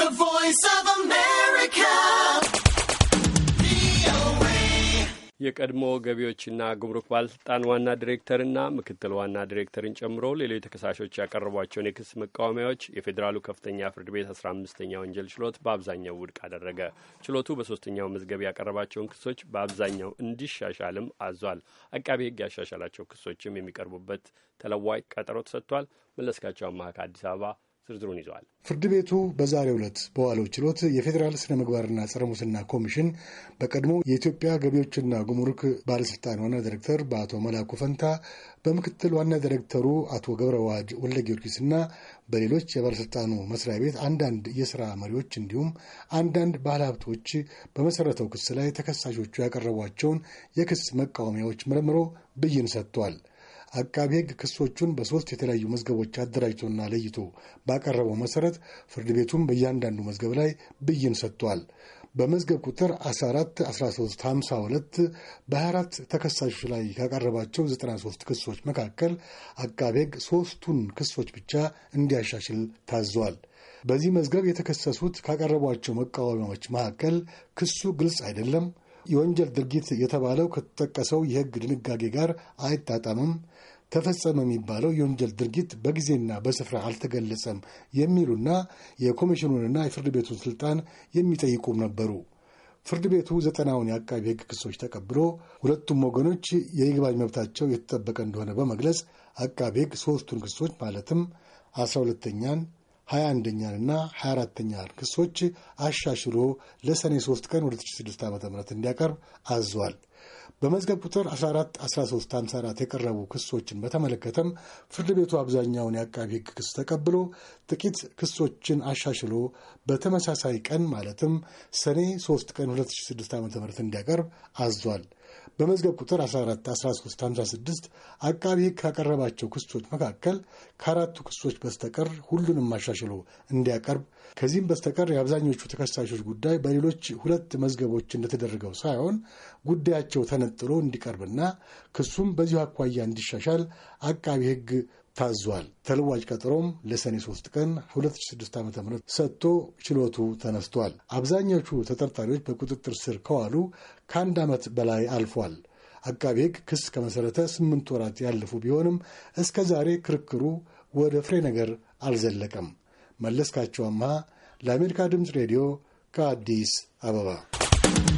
The Voice of America. የቀድሞ ገቢዎችና ጉምሩክ ባለስልጣን ዋና ዲሬክተርና ምክትል ዋና ዲሬክተርን ጨምሮ ሌሎች ተከሳሾች ያቀረቧቸውን የክስ መቃወሚያዎች የፌዴራሉ ከፍተኛ ፍርድ ቤት አስራ አምስተኛ ወንጀል ችሎት በአብዛኛው ውድቅ አደረገ። ችሎቱ በሶስተኛው መዝገብ ያቀረባቸውን ክሶች በአብዛኛው እንዲሻሻልም አዟል። አቃቢ ሕግ ያሻሻላቸው ክሶችም የሚቀርቡበት ተለዋጭ ቀጠሮ ተሰጥቷል። መለስካቸው አማሃ ከአዲስ አበባ ዝርዝሩን ይዘዋል። ፍርድ ቤቱ በዛሬው ዕለት በዋለው ችሎት የፌዴራል ስነ ምግባርና ጸረ ሙስና ኮሚሽን በቀድሞ የኢትዮጵያ ገቢዎችና ጉምሩክ ባለስልጣን ዋና ዳይሬክተር በአቶ መላኩ ፈንታ በምክትል ዋና ዳይሬክተሩ አቶ ገብረ ዋህድ ወልደ ጊዮርጊስና በሌሎች የባለስልጣኑ መስሪያ ቤት አንዳንድ የስራ መሪዎች እንዲሁም አንዳንድ ሀብቶች በመሰረተው ክስ ላይ ተከሳሾቹ ያቀረቧቸውን የክስ መቃወሚያዎች መርምሮ ብይን ሰጥቷል። አቃቢ ሕግ ክሶቹን በሶስት የተለያዩ መዝገቦች አደራጅቶና ለይቶ ባቀረበው መሰረት ፍርድ ቤቱም በእያንዳንዱ መዝገብ ላይ ብይን ሰጥቷል። በመዝገብ ቁጥር 14 በ24 ተከሳሾች ላይ ካቀረባቸው 93 ክሶች መካከል አቃቤ ሕግ ሦስቱን ክሶች ብቻ እንዲያሻሽል ታዟል። በዚህ መዝገብ የተከሰሱት ካቀረቧቸው መቃወሚያዎች መካከል ክሱ ግልጽ አይደለም የወንጀል ድርጊት የተባለው ከተጠቀሰው የሕግ ድንጋጌ ጋር አይጣጣምም፣ ተፈጸመ የሚባለው የወንጀል ድርጊት በጊዜና በስፍራ አልተገለጸም የሚሉና የኮሚሽኑንና የፍርድ ቤቱን ስልጣን የሚጠይቁም ነበሩ። ፍርድ ቤቱ ዘጠናውን የአቃቢ ሕግ ክሶች ተቀብሎ ሁለቱም ወገኖች የይግባኝ መብታቸው የተጠበቀ እንደሆነ በመግለጽ አቃቢ ሕግ ሦስቱን ክሶች ማለትም አስራ ሁለተኛን ሀያ አንደኛንና 24 ኛ ክሶች አሻሽሎ ለሰኔ 3 ቀን 2006 ዓ ም እንዲያቀርብ አዟል። በመዝገብ ቁጥር 14 13 የቀረቡ ክሶችን በተመለከተም ፍርድ ቤቱ አብዛኛውን የአቃቢ ሕግ ክስ ተቀብሎ ጥቂት ክሶችን አሻሽሎ በተመሳሳይ ቀን ማለትም ሰኔ 3 ቀን 2006 ዓ ም እንዲያቀርብ አዟል። በመዝገብ ቁጥር 141356 አቃቢ ሕግ ካቀረባቸው ክሶች መካከል ከአራቱ ክሶች በስተቀር ሁሉንም አሻሽሎ እንዲያቀርብ ከዚህም በስተቀር የአብዛኞቹ ተከሳሾች ጉዳይ በሌሎች ሁለት መዝገቦች እንደተደረገው ሳይሆን ጉዳያቸው ተነጥሎ እንዲቀርብና ክሱም በዚሁ አኳያ እንዲሻሻል አቃቢ ሕግ ታዟል። ተለዋጭ ቀጠሮም ለሰኔ 3 ቀን 2006 ዓ ም ሰጥቶ ችሎቱ ተነስቷል። አብዛኞቹ ተጠርጣሪዎች በቁጥጥር ስር ከዋሉ ከአንድ ዓመት በላይ አልፏል። አቃቤ ሕግ ክስ ከመሠረተ ስምንት ወራት ያለፉ ቢሆንም እስከ ዛሬ ክርክሩ ወደ ፍሬ ነገር አልዘለቀም። መለስካቸው አምሃ ለአሜሪካ ድምፅ ሬዲዮ ከአዲስ አበባ